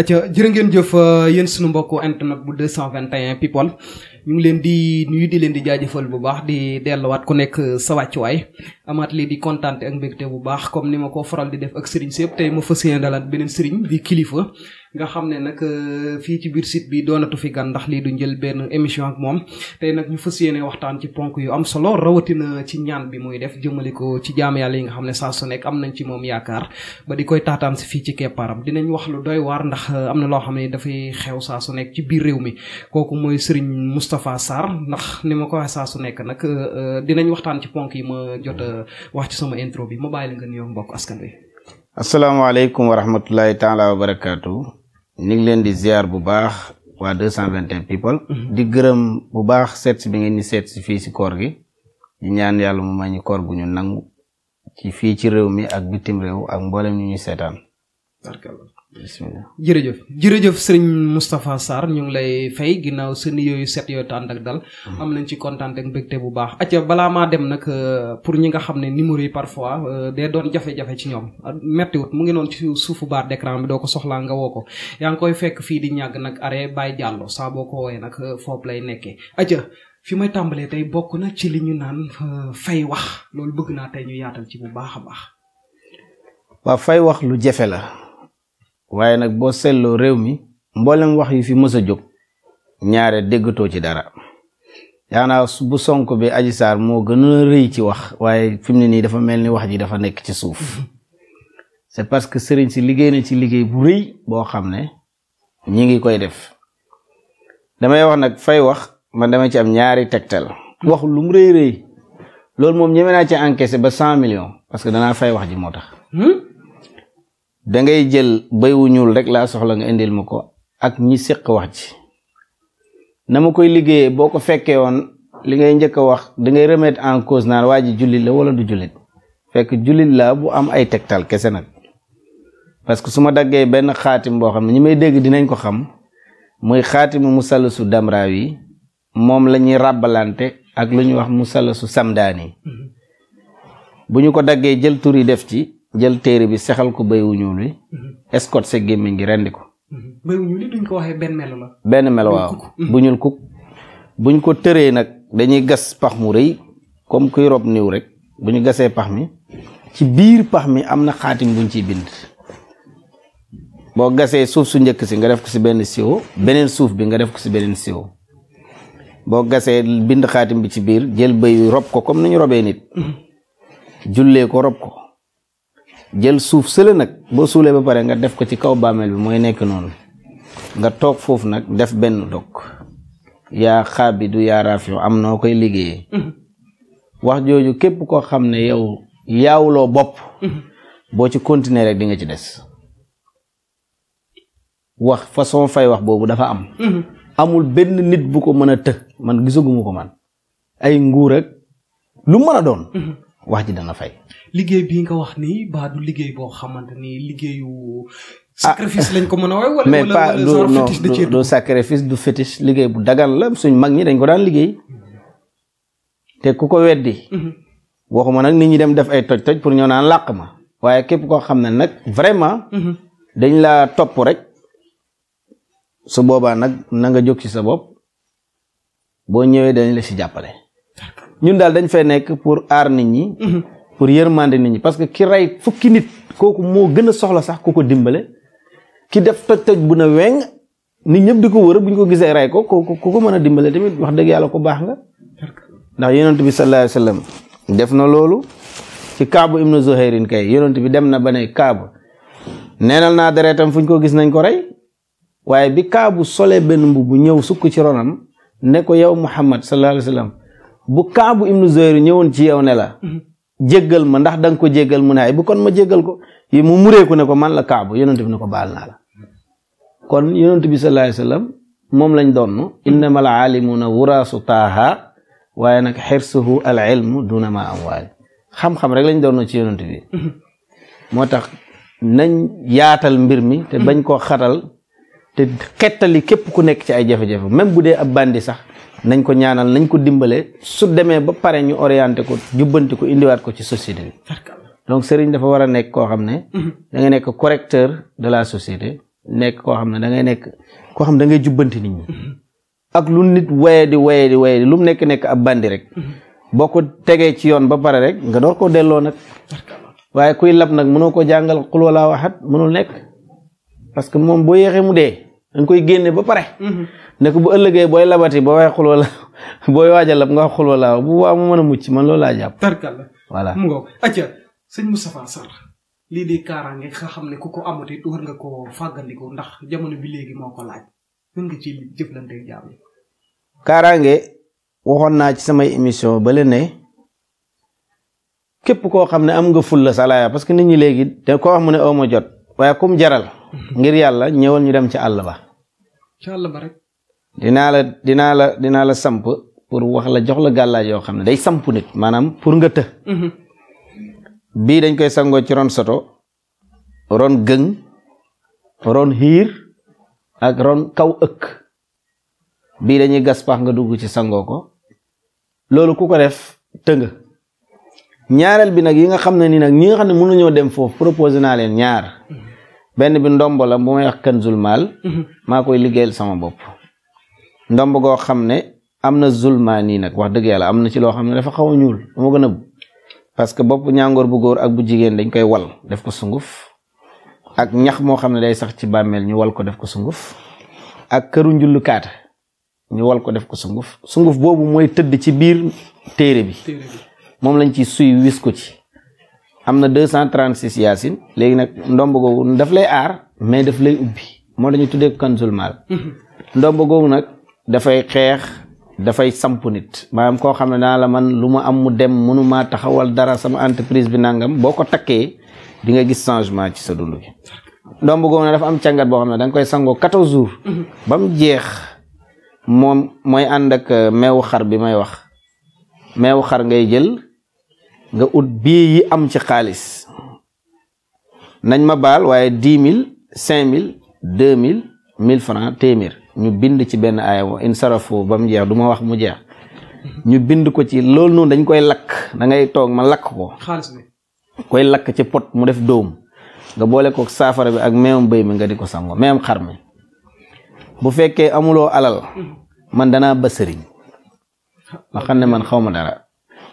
atia jërë ngeen jëf euh, yéen suñu mbokku internet bu 221 people ñu ngi leen di nuyu di leen di jaajëfal bu baax di delluwaat ku nekk euh, sa wàccuwaay amaat lii di kontaante ak mbégte bu baax comme ni ma ko faral di def ak sëriñ yëpp tey ma fas yéene dalaat beneen sëriñ di kilifa. nga xam ne nag euh, fii ci biir site bi doonatu fi gan ndax lii du njël benn émission ak moom tey nag ñu fas yéene waxtaan ci ponk yu am solo rawatina ci ñaan bi muy def jëmale ko ci jaam yàlla yi nga xam ne saa su nekk am nañ ci moom yaakaar ba di koy taataan si fii ci keppaaram dinañ wax lu doy waar ndax euh, am na loo xam ne dafay xew saa su nekk ci biir réew mi kooku mooy Serigne Moustapha Sarr ndax ni ma ko waxee saa su nekk nag euh, dinañ waxtaan ci ponk yi ma jot wax ci sama intro bi ma bàyyi la nga nuyoo mbokk askan wi. asalaamaaleykum wa rahmatulahi taala wa ñu ngi leen di ziar bu baax waa deux cent vingt et un people mhm. di gërëm bu baax seet si bi ngeen ñu seet si fii si koor gi di ñaan yàlla mu may ñu koor gu ñu nangu ci fii ci réew mi ak bitim réew ak mboolem ñu ñuy seetaan jërëjëf jërëjëf sëriñ Moustapha Sarr ñu ngi lay fay ginnaaw sën yooyu set yooyu tànd ak dal. Mm-hmm. am nañ ci kontaan ak mbégte bu baax. acca balaa maa dem nag euh, pour ñi nga xam ne numéro yi parfois euh, day doon jafe-jafe ci ñoom euh, méttiwut mu ngi noonu ci suufu baar d'écran bi doo ko soxlaa nga woo ko yaa ngi koy fekk fii di ñàgg nag aree bay Diallo saa boo ko woowee nag foofu lay nekkee acca fi may tàmbalee tey bokk na ci li ñu naan fay wax loolu bëgg naa tey ñu yaatal ci bu baax a baax. wax lu jafe la. waaye nag boo seetloo réew mi mboolem wax yu fi mës a jóg ñaare déggatoo ci dara yaa yaanaa bu sonk bi aji saar moo gën a rëy ci wax waaye fi mu ne nii dafa mel ni wax ji dafa nekk ci suuf c'est parce que sëriñ si liggéey na ci liggéey bu rëy boo xam ne ñi ngi koy def damay wax nag fay wax man dama ci am ñaari tegtal waxul lu mu rëy rëy loolu moom ñeme naa ci encaissé ba cent million parce que danaa fay wax ji moo tax hmm? da ngay jël bay wu ñuul rek laa soxla nga indil ma ko ak ñi séq wax ci na ma koy liggéeyee boo ko fekkee woon li ngay njëkk a wax da ngay remettre en cause naan waa ji jullit la wala du jullit fekk jullit la bu am ay tegtal kese nag parce que su ma daggee benn xaatim boo xam ne ñi may dégg dinañ ko xam muy xaatimu musallasu yi moom la ñuy ràbbalante ak lu ñuy wax musallasu samdaani mm-hmm. bu ñu ko daggee jël tur yi def ci jël téere bi sexal ko béy wu ñuul wi mm-hmm. escot sa gémmiñ gi rendi ko. Mm-hmm. béy wu ñuul duñ ko waxee benn melo la. benn melo waaw mm-hmm. bu ñuul kuk. buñ ko tëree nag dañuy gas pax mu rëy comme kuy rob niw rek bu ñu gasee pax mi ci biir pax mi am na xaatim buñ ciy bind. boo gasee suuf su njëkk si nga def ko si benn siwo beneen suuf bi nga def ko si beneen siwo boo gasee bind xaatim bi ci biir jël béy rob ko comme ni robee nit. jullee ko rob ko. jël suuf sële nag boo suulee ba pare nga def ko ci kaw bàmmeel bi mooy nekk noonu nga toog foofu nag def benn dog yaa xaabidu yaa raafiu am noo koy liggéeyee mm-hmm. wax jooju képp koo xam ne yow yaawuloo bopp mm-hmm. boo ci continuer rek di nga ci des wax façon fay wax boobu dafa am mm-hmm. amul benn nit bu ko mën a të man gisaguma ko man ay nguur ak lu mën a doon wax ji dana fay. liggéey bii nga wax nii ba du liggéey boo xamante nii liggéeyu. sacrifice lañ ko mën a woowee mais pas du du du du fétiche liggéey bu dagan la suñ mag ñi dañ ko daan liggéey. Mm-hmm. te ku ko weddi. Mm-hmm. waxuma nag nit ñi dem def ay toj-toj pour ñëw naan làq ma. waaye képp koo xam ne nag vraiment. Mm-hmm. dañ laa topp rek. su boobaa nag na nga jóg ci sa bopp boo ñëwee dañ la si jàppale. ñun daal dañ fee nekk pour aar nit ñi. Mhm. pour yërmande nit ñi parce que ki rey fukki nit kooku moo gën a soxla sax ku ko dimbale ki def toj-toj bu na weng nit ñëpp di ko wër bu ñu ko gisee rey ko ku ko mën a dimbale tamit wax dëgg yàlla ko baax nga. ndax yonent bi sallallahu alayhi def na loolu ci kaabu ibnu Zuhayrin kay yonent bi dem na ba ne kaabu neenal naa deretam fu ko gis nañ ko rey waaye bi kaabu solee benn mbubb ñëw sukk ci ronam ne ko yow Muhammad sallallahu alayhi wa sallam bu kaabu ibnu Zuhayr ñëwoon ci yow ne la jéggal ma ndax da ko jéggal mu ne ay bu kon ma jéggal ko yi mu mureeku ne ko man la kaabu yonent bi ne ko baal naa la kon yonent bi sallallahu alayhi moom lañ doon innama al aalimuuna wuraasu taaha waaye nag xirsuhu al ilmu duna xam-xam rek lañ doon ci yonent bi moo tax nañ yaatal mbir mi te bañ ko xatal te xettali képp ku nekk ci ay jafe-jafe même bu dee ab bandi sax nañ ko ñaanal nañ ko dimbale su demee ba pare ñu orienté ko jubbanti ko indiwaat ko ci société bi donc sëriñ dafa war a nekk koo xam ne mhm. da ngay nekk correcteur de la société nekk koo xam ne da ngay nekk koo xam ne da ngay jubbanti nit ñi mhm. ak lu nit waye di waye di waye di lu mu nekk nekk ab bandi rek mhm. boo ko tegee ci yoon ba pare rek nga door koo delloo nag waaye kuy lab nag mënoo ko jàngal xul wala waxat mënul nekk parce que moom boo yéexee mu dee dañ koy génne ba pare. Mm-hmm. ne bu ëllëgee booy labati boo waxee xuloo la booy waaj a lab nga wax xuloo laa bu waa a mucc man loolu laa jàpp. tarkal lii di kaaraange nga xam ne ku ko amati war koo fàggandiku ndax jamono bi léegi moo ko laaj mën nga naa ci samay émission ba leen ne képp koo xam ne am nga ful la salaaya parce que nit ñi léegi te koo xam ne aw ma jot waaye kum jaral. ngir yàlla ñëwal ñu dem ci àll ba. ci àll ba rek. dinaa la dinaa la dinaa la samp pour wax la jox la gàllaaj yoo xam ne day samp nit maanaam pour nga të. Mhm. bii dañ koy sangoo ci ron soto ron gëng ron hiir ak dañuy gas paax nga dugg ci sangoo ko loolu ku ko def tëng ñaareel bi nag yi nga xam ne nii nag ñi nga xam ne mënuñoo dem foofu proposé naa leen ñaar. Mhm. benn bi ndomb la bu may wax kanzul maal mhm. maa koy liggéeyal sama bopp ndomb goo xam ne am na zulmaani nag wax dëgg yàlla am na ci loo xam ne dafa xaw ñuul moo gën a parce que bopp ñàngoor bu góor ak bu jigéen dañ koy wal def ko sunguf ak ñax moo xam ne day sax ci bàmmeel ñu wal ko def ko sunguf ak këru njullu kaata ñu wal ko def ko sunguf sunguf boobu mooy tëdd ci biir téere bi moom lañ ci suy wis ko ci am na 236 yaasin léegi nag ndomb googu daf lay aar mais daf lay ubbi moo la ñu tuddee kanzul maal ndomb googu nag dafay xeex dafay samp nit maanaam koo xam ne danaa la man lu ma am mu dem mënumaa taxawal dara sama entreprise bi nangam boo ko takkee di nga gis changement ci sa dund bi ndomb googu nag dafa am càngat boo xam ne danga koy sangoo 14 jours ba mu jeex moom mooy ànd ak meewu xar bi may wax meewu xar ngay jël nga ut bii yi am ci xaalis nañ ma baal waaye dix mille cinq mille deux mille mille francs téeméer ñu bind ci benn aaya wa in sarafu ba mu jeex du ma wax mu jeex ñu bind ko ci loolu noonu dañ koy lakk da ngay toog ma lakk ko koy lakk ci pot mu def dóom nga boole ko saafara bi ak meewum bëy mi nga di ko sango meewum xar mi bu fekkee amuloo alal man danaa ba sëriñ ma xam ne man xaw ma dara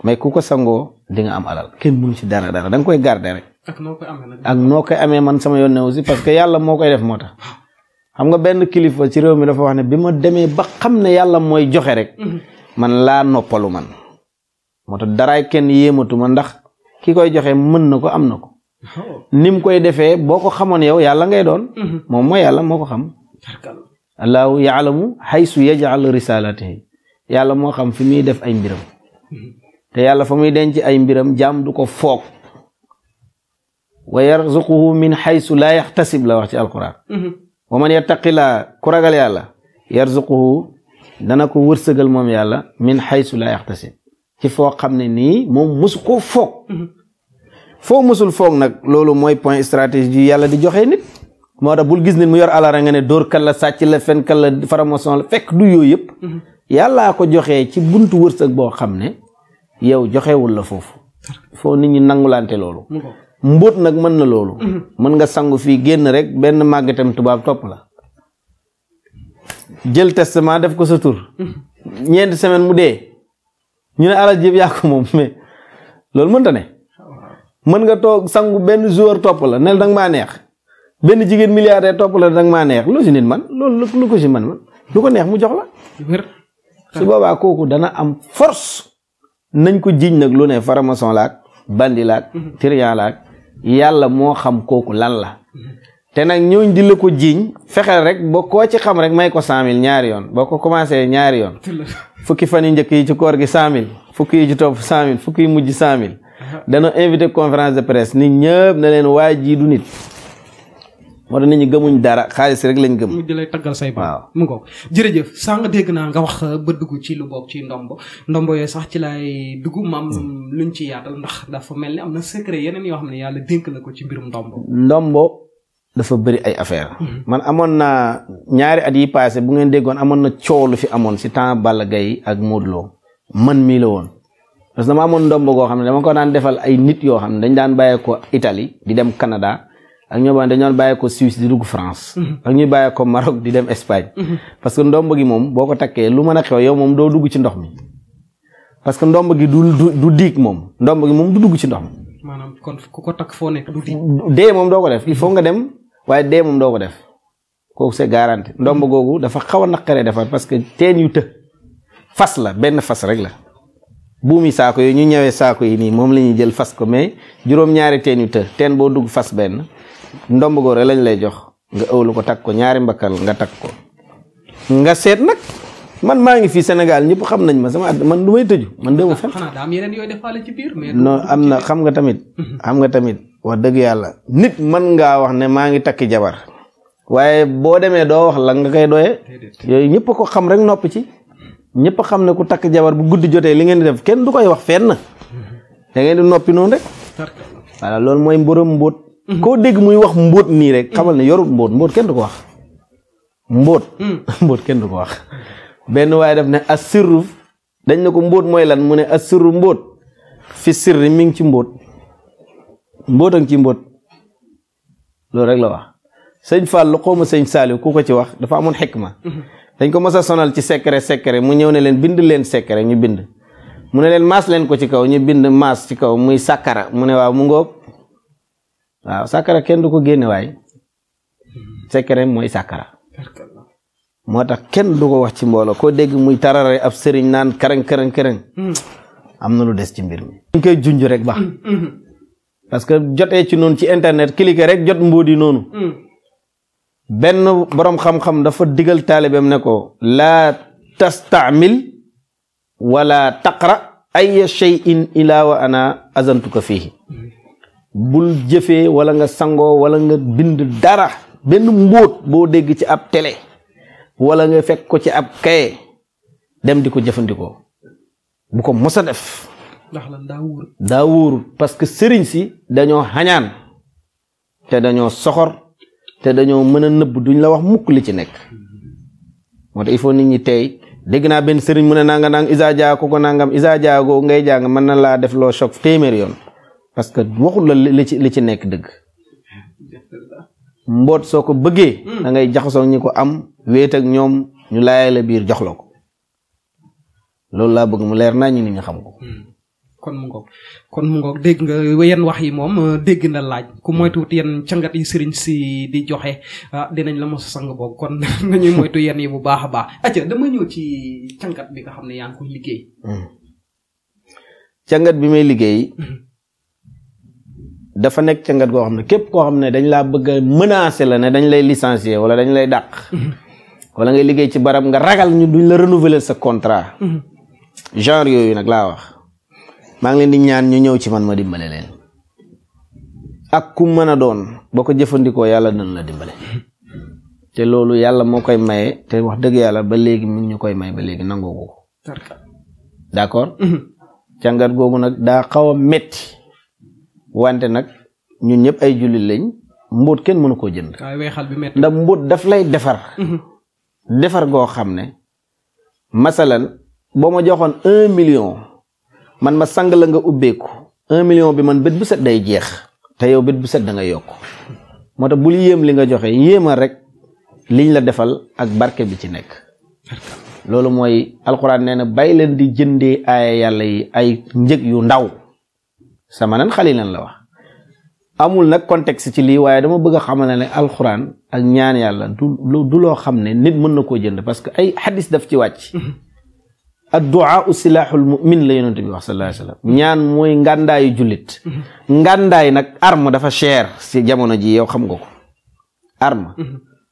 mais ku ko sangoo di nga am alal kenn mënu ci dara dara danga koy garder rek. ak noo koy amee man sama yoon ne aussi parce que yàlla moo koy def moo tax. xam nga benn kilifa ci réew mi dafa wax ne bi ma demee ba xam ne yàlla mooy joxe rek. Mhm. man laa noppalu man. moo tax daraay kenn yéematu ma ndax ki koy joxe mën na ko am na ko. Oh. ni mu koy defee boo ko xamoon yow yàlla ngay doon. Mhm. moom yàlla moo ko xam. allahu yaalamu haysu yajal risalatihi yàlla moo xam fi muy def ay mbiram. Mhm. te yàlla fa muy denc ay mbiram jaam du ko foog wa yarzuquhu min xaysu laa yaxtasib la wax ci alquran mhm. wa man yattaqilaa ku ragal yàlla yarzuquhu dana ko wërsëgal moom yàlla min xaysu laa yaxtasib ci foo xam ne nii moom musu koo foog mhm. foo musul foog nag loolu mooy point stratégie yàlla di joxe nit moo tax bul gis nit mu yor alara nga ne dóor la sàcc la fen kat la faramason la fekk du yooyu yàlla mhm. yàllaa ko joxe ci buntu wërsëg boo xam ne yow joxewul la foofu foo nit ñi nangulante loolu mbóot nag mën na loolu mhm. mën nga sangu fii génn rek benn màggatam tubaab topp la jël testament def ko sa tur mhm. ñeenti semaine mu dee ñu ne alal jëpp yaa ko moom mais loolu mënta ne mën nga toog sangu benn joueur topp la ne danga maa neex benn jigéen milliardaire topp la danga maa neex lu si nit man loolu lu ko si man man lu ko neex mu jox la su boobaa kooku dana am force nañ ko jiiñ nag lu ne faramason laak bandi laak mhm. tiriyaa laak yàlla moo xam kooku lan la te nag ñooñ di la ko jiiñ fexeel rek ba koo ci xam rek may ko cent ñaari yoon boo ko commencé ñaari yoon fukki fan yu njëkk yi ci koor gi cent mille fukki yi ci topp cent fukki yi mujj cent mille dana invité conférence de presse nit ñëpp na leen waa jii du nit moo tax nit ñi dara xaalis rek lañ gëm. di lay taggal say ba mu ngoog jërëjëf sànq dégg naa nga wax euh, ba ci lu bokk ci ndombo ndombo yooyu sax ci laay dugg maam luñ ci yaatal ndax dafa mel ni am na yeneen yoo xam ne yàlla dénk la ko ci mbirum ndombo. ndombo dafa bëri ay affaire mhm. man amoon naa ñaari at yi bu ngeen déggoon amoon na coow lu fi amoon si temps Balla Gaye ak Modou Lo man mii woon. parce que dama amoon ndombo goo xam ne dama ko daan defal ay nit yoo xam ne dañ daan bàyyeekoo itali di dem Canada. ak ñoo xam ne dañu bàyyi dugg France. Mhm. ak ñuy bàyyi ko Maroc di dem Espagne. Mhm. que ndomb gi moom boo ko takkee mën a xew yow moom doo dugg ndox mi. parce que ndomb gi du du du diig moom ndomb gi moom du dugg ci ndox maanaam kon ku ko takk foo nekk du diig. moom doo ko def il faut dem waaye dee moom doo ko def kooku c'est garanti mhm. dafa xaw a naqaree defar parce que teen yu të fas la benn fas rek la. buumi saako yooyu ñu ñëwee saako yi nii moom la ñuy jël fas ko mais juróom-ñaari teen yu të teen boo dugg fas benn. ndomb góor lañ lay jox nga ëwlu ko takk ko ñaari mbakkal nga takk ko nga seet nag man maa ngi fii senegal ñëpp xam nañ ma sama at man du may tëju man déwuma fen non am na xam nga tamit xam tamit wax dëgg yàlla nit man ngaa wax ne maa ngi takki jabar waaye boo demee doo wax la nga koy doyee yooyu ñëpp ko xam rek nopp ci ñëpp xam ne ku takk jabar bu guddi jotee li ngeen di def kenn du koy wax fenn da ngeen noppi noonu rek voilà loolu mooy mbërëm mbóot Mhm. koo dégg muy wax mbóot nii rek xamal na yorut mbóot mbóot kenn du ko wax mbóot hmm. mbóot kenn du ko wax benn waaye daf ne asirru dañ ne ko mbóot mooy lan mu ne asirru mbóot fi sirri mi ngi ci mbóot mbóot a ngi ci mbóot loolu rek la wax sëñ Fall lu xawma sëñ Saliou ku ko ci wax dafa amoon ma mhm. dañ ko mës a sonal ci secret secret mu ñëw ne leen bind leen secret ñu bind mu ne leen maas leen ko ci kaw ñu bind maas ci kaw muy sàkkara mu ne waaw mu ngóob waaw sàkkara kenn du ko génne waay mooy sàkkara moo tax kenn du ko wax ci mbooloo koo dégg muy tarare ab sëriñ naan kërëng kërëng kërëng am na lu des ci mbir mi ñu koy rek baax parce que jotee ci noonu ci internet cliquer rek jot mbóodi noonu benn borom xam-xam dafa digal taalibeem ne ko laa tastaamil wala taqra ay shay'in ilaa wa ana azantuka fiihi bul jëfee wala nga sangoo wala nga bind dara benn mbóot boo dégg ci ab tele wala nga fekk ko ci ab kaye dem di ko jëfandikoo bu ko mos a def. ndax lan daa wóorul. daa parce que sëriñ si dañoo xañaan te dañoo soxor te dañoo mën a nëbb duñu la wax mukk li ci nekk moo tax il faut nit ñi tey dégg naa benn sëriñ mu a nanga nang isa jaago ko nangam isa jaago ngay jàng mën na laa def loo choc téeméer yoon. parce que waxul la li ci li ci nekk dëgg mboot soo ko bëggee hmm. da jaxasoo ñi ko am wéet ak ñoom ñu laaya la biir jox la ko loolu laa bëgg mu leer naa ñu ni nga xam ko hmm. kon mu ngoog kon mu ngoog dégg nga yenn wax yi moom euh, dégg na laaj ku moytuwut yenn cangat yi sëriñ si di joxe ah, dinañ la mos a sang boog kon nañuy moytu yenn yi bu baax a baax acca dama ñëw ci cangat bi nga xam ne yaa ngi koy liggéey hmm. cangat bi may liggéey dafa nekk ca ngat goo xam ne képp koo xam ne dañ laa bëgg a la ne dañ lay licencier wala dañ lay dàq wala ngay liggéey ci barab nga ragal ñu duñ la renouveler sa contrat genre yooyu nag laa wax maa ngi leen di ñaan ñu ñëw ci man ma dimbale leen ak ku mën a doon boo ko jëfandikoo yàlla dana la dimbale te loolu yàlla moo koy maye te wax dëgg yàlla ba léegi mu ñu koy may ba léegi nangoo ko d'accord mhm. càngat googu nag daa xaw a metti wante nag ñun ñëpp ay jullit lañ mbóot kenn mënu koo jënd. ndax mbóot daf lay defar. Mhm. defar goo xam ne masalan boo ma joxoon un million man ma sang la nga ubbeeku un million bi man bët bu set day jeex te yow bët bu set da nga yokk moo tax bul yéem li nga joxe yéemal rek liñ la defal ak barke bi ci nekk. loolu mooy alxuraan nee na bàyyi leen di jëndee aaya yàlla yi ay njëg yu ndaw. samanan xalilan la wax amul nag contexte ci lii waaye dama bëgg a xamal ne alxuraan ak ñaan yàlla du loo xam ne nit mën na koo jënd parce que ay xadis daf ci wàcc mhm. adduaa u silaaxul mumin la yonent bi wax sallallahu alayhi wasallam ñaan mooy ngàndaayu jullit mhm. ngàndaay nag arme dafa cher si jamono ji yow xam nga ko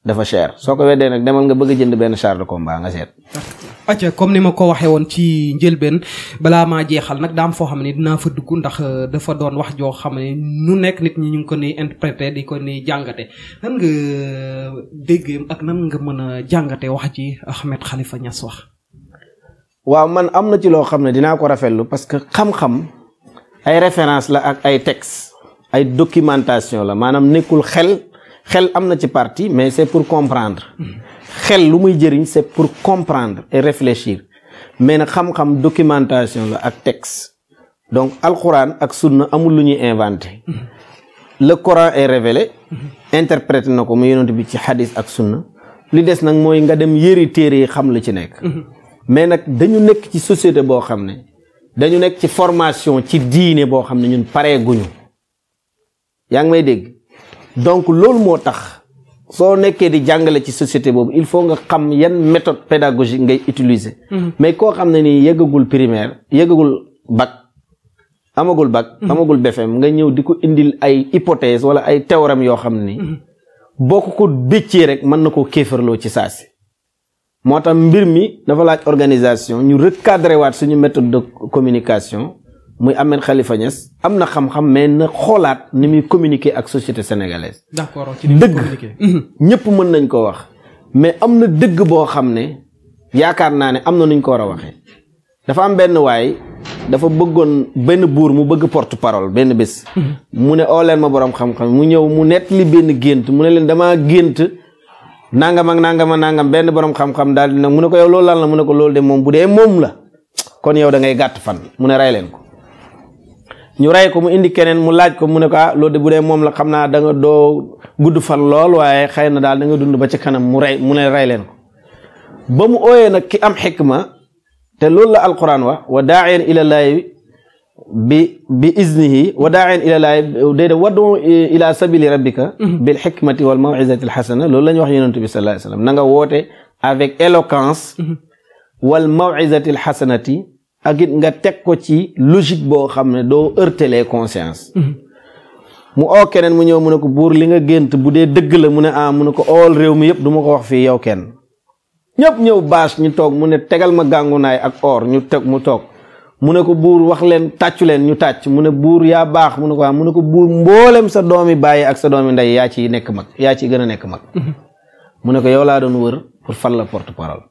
dafa cher soo ko weddee nag demal nga bëgg a jënd benn char de combat nga seet. comme ni ma ko waxee woon ci njëlbeen balaa maa jeexal nag daam foo xam ne dinaa fa dugg ndax euh, dafa doon wax joo xam ne nu nekk nit ñi ñu ngi ko ni interprété di ko ni jàngate nan nga euh, déggee ak nan nga mën a jàngate wax ji Ahmed Khalifa Niass wax. waaw man am na ci loo xam ne dinaa ko rafetlu parce que xam-xam ay référence la ak ay text ay documentation la maanaam nekkul xel. xel am na ci parti mais c'est pour comprendre xel lu muy jëriñ c'est pour comprendre et réfléchir mais na xam-xam documentation la ak texte donc alxuraan ak sunna amul lu ñuy inventé le Coran ay révélé interprété na ko mu yonent bi ci xadis ak sunna li des nag mooy nga dem yëri téere yi xam la ci nekk mais nag dañu nekk ci société boo xam ne dañu nekk ci formation ci diine boo xam ne ñun paree guñu yaa ngi may dégg donc loolu moo tax soo nekkee di jàngale ci société boobu il faut nga xam yan méthode pédagogique ngay utiliser. Mhm. mais koo xam ne nii yëggagul primaire yëggagul bac amagul bac. Mhm. amagul BFM nga ñëw di ko indil ay hypothèse wala ay théorème yoo xam ni. Mhm. boo ko ko bëccee rek mën na ko kéefarloo ci saa si. moo tax mbir mi dafa laaj organisation ñu recadré waat suñu méthode de communication. muy ameen xalifa Niass am na xam-xam mais na xoolaat ni muy communiquer ak société sénégalaise. d'accord ci dëgg mhm. ñëpp mën nañ ko wax. mais am na dëgg boo xam ne yaakaar naa ne am na nuñ ko war a waxee dafa am benn waay dafa bëggoon benn buur mu bëgg porte parole benn bés. Mhm. mu ne oo oh, leen ma borom xam-xam mu ñëw mu nettali benn gént mu ne leen damaa gént. nangam ak nangam ak nangam benn borom xam-xam daal di nag mu ne ko yow loolu lan la mu ne ko loolu de moom bu dee moom la kon yow da ngay gàtt fan mu ne rey leen ko. ñu rey ko mu indi keneen mu laaj ko mu ne ko ah loolu de bu dee moom la xam naa da doo gudd fan lool waaye xëy na daal da nga dund ba ci kanam mu rey mu ne rey leen ko ba mu ooyee nag ki am xikma te loolu la alquran wa wa daaen ilallaahi bi bi iznihi wa daaen ilallaahi déede wadu ila sabili rabbika mhm. bil xikmati wal mawizati alxasana loolu la ñu wax yonent bi sallallahu alayhi wa sallam na nga woote avec éloquence mhm. wal mawizati alxasanati ak nga teg ko ci logique boo xam ne doo heurtelee conscience mhm. mu oo keneen mu ñëw mu ne ko buur li nga gént bu dee dëgg la mu ne ah mu ne ko ool réew mi yëpp duma ko wax fii yow kenn ñëpp ñëw baas ñu toog mu ne tegal ma gàngunaay ak or ñu teg mu toog mu ne ko buur wax leen tàccu leen ñu tàcc mu ne buur yaa baax mu ne ko ah mu ne ko buur mboolem sa doomi bàyyi ak sa doomi ndey yaa ciy nekk mag yaa ciy gën a nekk mag mhm. mu ne ko yow laa doon wër pour la porte parole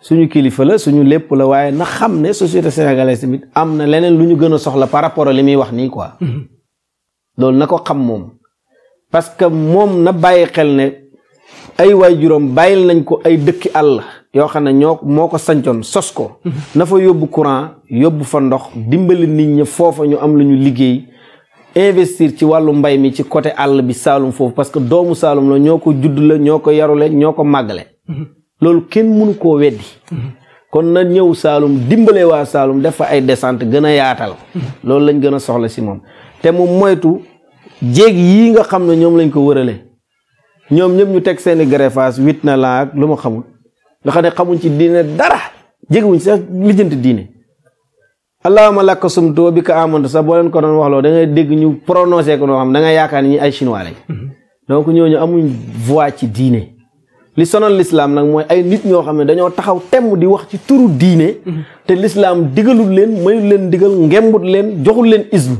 suñu kilifa la suñu lépp la waaye na xam ne société sénégalaise tamit am na leneen lu ñu gën a soxla par rapport ak li muy wax nii quoi. Mhm. loolu na ko xam moom. parce que moom na bàyyi xel ne ay waajuram bàyyil nañ ko ay dëkki àll yoo xam ne ñoo moo ko sancoon sos ko. Mhm. na fa yóbbu courant yóbbu fa ndox dimbali nit ñi foofa ñu am lu ñu liggéey. investir ci wàllu mbay mi ci côté àll bi Saalum foofu parce que doomu Saalum la ñoo ko judd la ñoo ko yarule ñoo ko màggale. Mhm. loolu kenn mënu koo weddi kon na ñëw Saalum dimbale waa Saalum def fa ay descente gën a yaatal loolu lañ gën a soxla si moom te mu moytu jéeg yii nga xam ne ñoom lañ ko wërale ñoom ñëpp ñu teg seeni greffage wit na laa ak lu ma xamul nga xam ne xamuñ ci diine dara jégewuñ sax lijjanti diine a lakka sumtu wa bika amantu sax boo leen ko doon wax loo da ngay dégg ñu prononcé ko noo xam da nga yaakaar ni ay chinois lañ mm-hmm. donc ñooñu amuñ voix ci diine li sonal lislaam nag mooy ay nit ñoo xam ne dañoo taxaw temm di wax ci turu diine. te lislaam digalul leen mayul leen digal ngembut leen joxul leen ism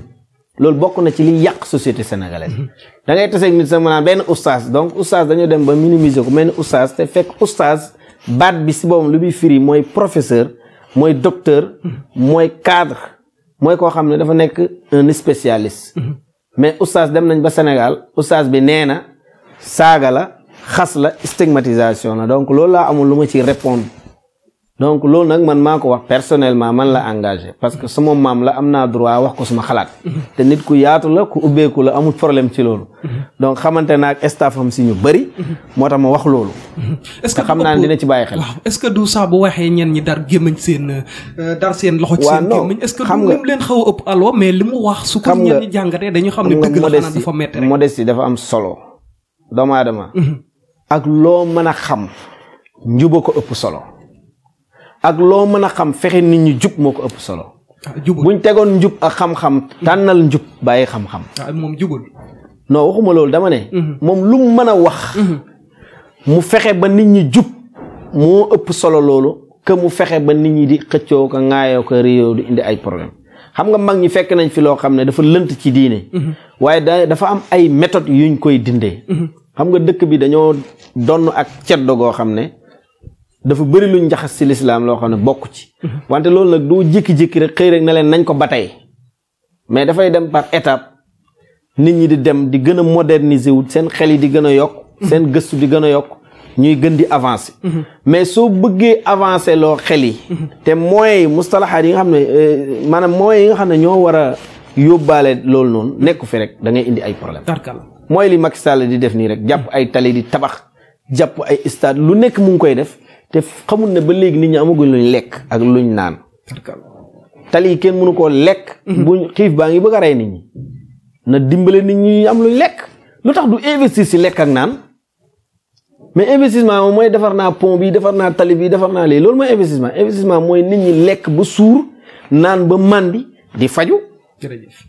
loolu bokk na ci liy yàq société sénégalaise. da ngay taseeg nit sax maanaam benn oustaz donc oustaz dañoo dem ba minimiser ko mel ni oustaz te fekk oustaz baat bi si boobam lu muy firi mooy professeur mooy docteur. mooy cadre mooy koo xam ne dafa nekk un spécialiste. Mm-hmm. mais oustaz dem nañ ba Sénégal oustaz bi nee na saaga la. xas la stigmatisation la donc loolu laa amul lu ma ci répondre donc loolu nag man maa ko wax personnellement man la engage parce que sama maam la am naa droit wax ko suma xalaat te nit ku yaatu la ku ubbeeku la amul problème ci loolu donc xamante naa ak staff am si ñu bëri moo tax ma wax loolu est-ce xam naa ne dina ci bàyyi xel waaw est que du bu waxee ñenn ñi dar gémmañ seen euh, que du lim leen xaw a ëpp mais li mu wax su ko ñenn xam ne dëgg la xanaa dafa metti rek modestie dafa am solo doomu adama mhm. ak loo mën a xam njuba ko ëpp solo ak loo mën a xam fexe nit ñi jub moo ko ëpp solo ah, buñ tegoon njub a xam-xam tànnal njub bàyyi xam-xam ah, moom jubul non waxuma loolu dama ne mhm. moom lu mu mën a wax mhm. mu fexe ba nit ñi jub moo ëpp solo loolu que mu fexe ba nit ñi di xëccoo ko ŋaayoo ko réyoo di indi ay problème xam nga mag ñi fekk nañ fi loo xam ne dafa lënt ci diine mhm. waaye da dafa am ay méthode yuñ koy dindee xam nga dëkk bi dañoo donn ak ceddo goo xam ne dafa bëri luñ njaxas ci lislaam loo xam ne bokk ci wante loolu nag doo jékki-jékki rek xëy rek na leen nañ ko ba tey mais dafay dem par étape nit ñi di dem di gën a moderniser wu seen xel yi di gën a yokk seen gëstu di gën a yokk ñuy gën di avance mais soo bëggee avancer loo xel yi te moyens yi mustalahaat yi nga xam ne euh, maanaam moyens yi nga xam ne ñoo war a yóbbaale loolu noonu nekku fi rek da ngay indi ay problème mooy li Macky Sall di def nii rek jàpp ay tali di tabax jàpp ay stade lu nekk mu ngi koy def te xamul ne ba léegi nit ñi amaguñ luñ lekk ak luñ naan. tali yi kenn mënu koo lekk. Mhm. bu xiif baa ngi bëgg a rey nit ñi. na dimbale nit ñi am luñ lekk lu tax du investir si lekk ak naan mais investissement moom mooy defar naa pont bii defar naa tali bi defar naa lii loolu mooy investissement investissement mooy nit ñi lekk ba suur naan ba màndi di faju jërëjëf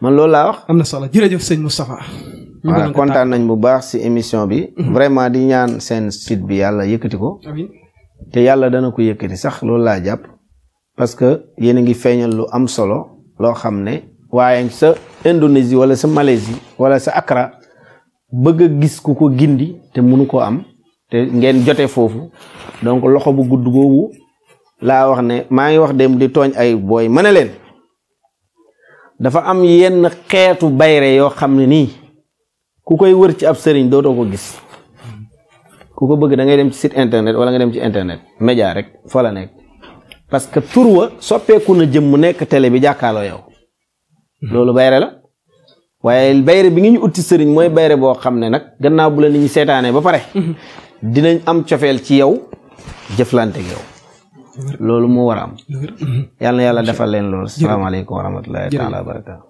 man loolu laa wax. am na solo jërëjëf sëñ Moustapha waaw kontaan nañ bu baax si émission bi mhm. vraiment di ñaan seen sit bi yàlla yëkkati ko te yàlla dana ko yëkkati sax loolu laa jàpp parce que yéen a ngi feeñal lu am solo loo xam ne waaye sa Indonésie wala sa Malaisie wala sa Accra bëgg a gis ku ko gindi te mënu koo am te ngeen jote foofu donc loxo bu gudd googu laa wax ne maa ngi wax dem di tooñ ay booy ma ne leen dafa am yenn xeetu bayre yoo xam ne nii ku koy wër ci ab sëriñ dootoo ko gis ku ko bëgg da ngay dem ci site internet wala nga dem ci internet média rek fa la nekk parce que tur wa soppeeku na jëm mu nekk télé bi jàkkaaloo yow loolu bayre la waaye bayre bi nga ñu utti sëriñ mooy bayre boo xam ne nag gannaaw bu la nit ñi seetaanee ba pare dinañ am cofeel ci yow jëflante ak loolu moo war a am yàlla na yàlla defal leen loolu salaamaaleykum wa rahmatullahi taala wa barakatu